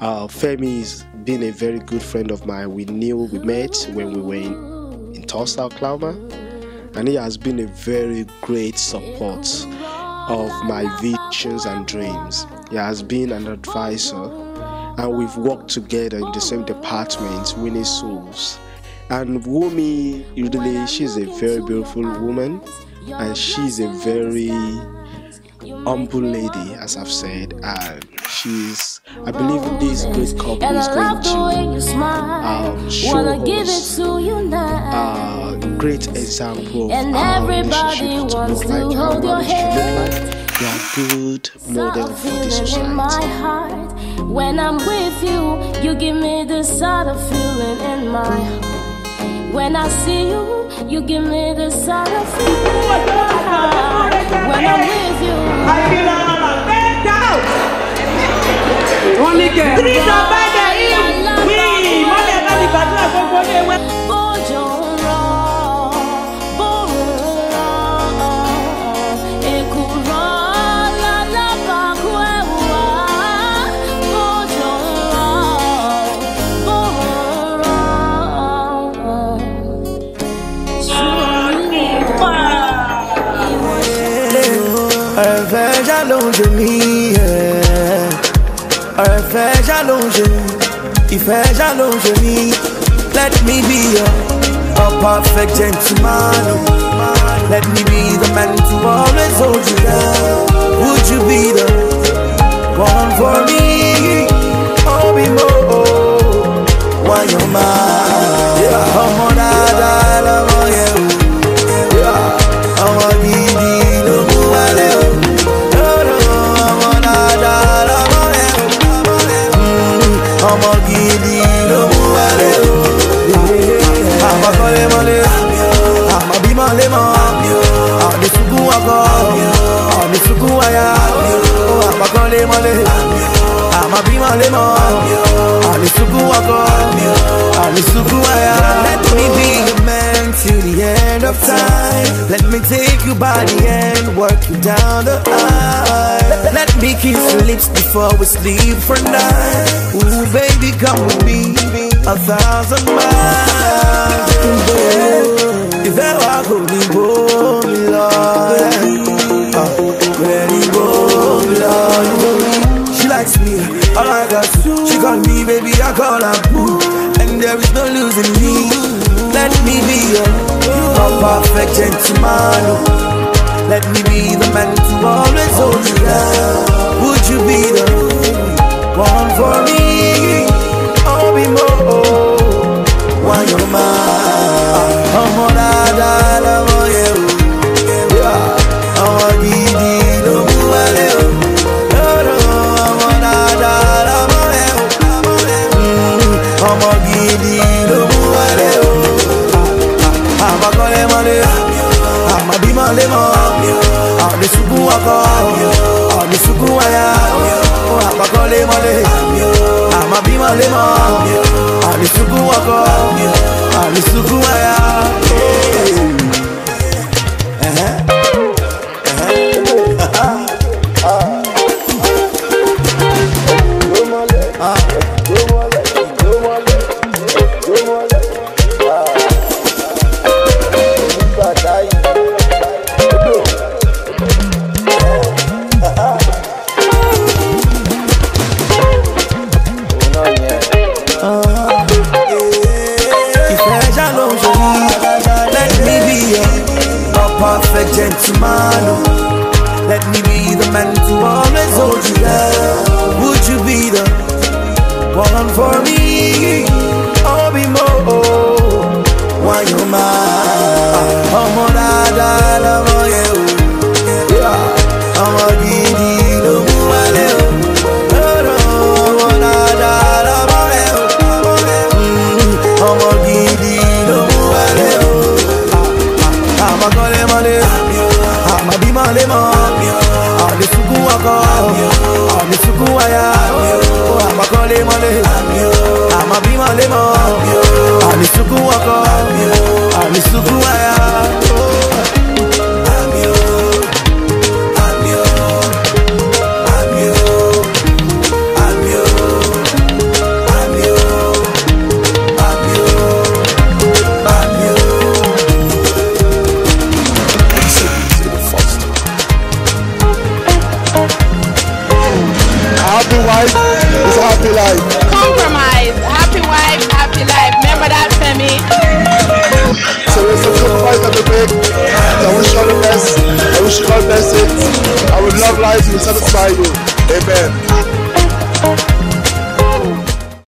Uh, Femi's been a very good friend of mine. We knew, we met when we were in, in Tulsa, Oklahoma, and he has been a very great support of my visions and dreams. He has been an advisor, and we've worked together in the same department, winning souls. And Wumi really, she's a very beautiful woman, and she's a very humble lady, as I've said, and she's I believe in these great couples great gym, um, shows, uh, great example and how wants to look like, how like. You are good model for In my heart, when I'm with you, you give me this of feeling in my heart. When I see you, you give me this of feeling. Ọ̀rẹ́ ìfẹ́ ṣá ló me, ṣe mí ọ̀rẹ́ ìfẹ́ ṣá ló ń ṣe me, let me be your a perfect gentleman oh. let me be the man to always hold you down would you be the one for me oh be more oh why your mind. Alisugu wako Alisugu aya Let me be your man till the end of time Let me take you by the end Work you down the aisle Let me kiss your lips before we sleep for night Ooh baby come with me A thousand miles If I walk, with me, hold my Lord call her boo, and there is no losing you. Let me be a, a perfect gentleman. Let me be the man to always hold you down. Would you be the one for me? lemọ ọdún ṣubú ọkọ ọdún ṣubú aya àpapọ̀ lemọ́lé àmọ́ bímọ lemọ ọdún ṣubú ọkọ ọdún ṣubú aya. Ah. gentleman. Let me be the man to always hold you down. Would you be the one for me? yako Amisukuwa ya Ama kole mole Ama bima lemo Ama life. It's happy life. Compromise. Happy wife, happy life. Remember that, Femi.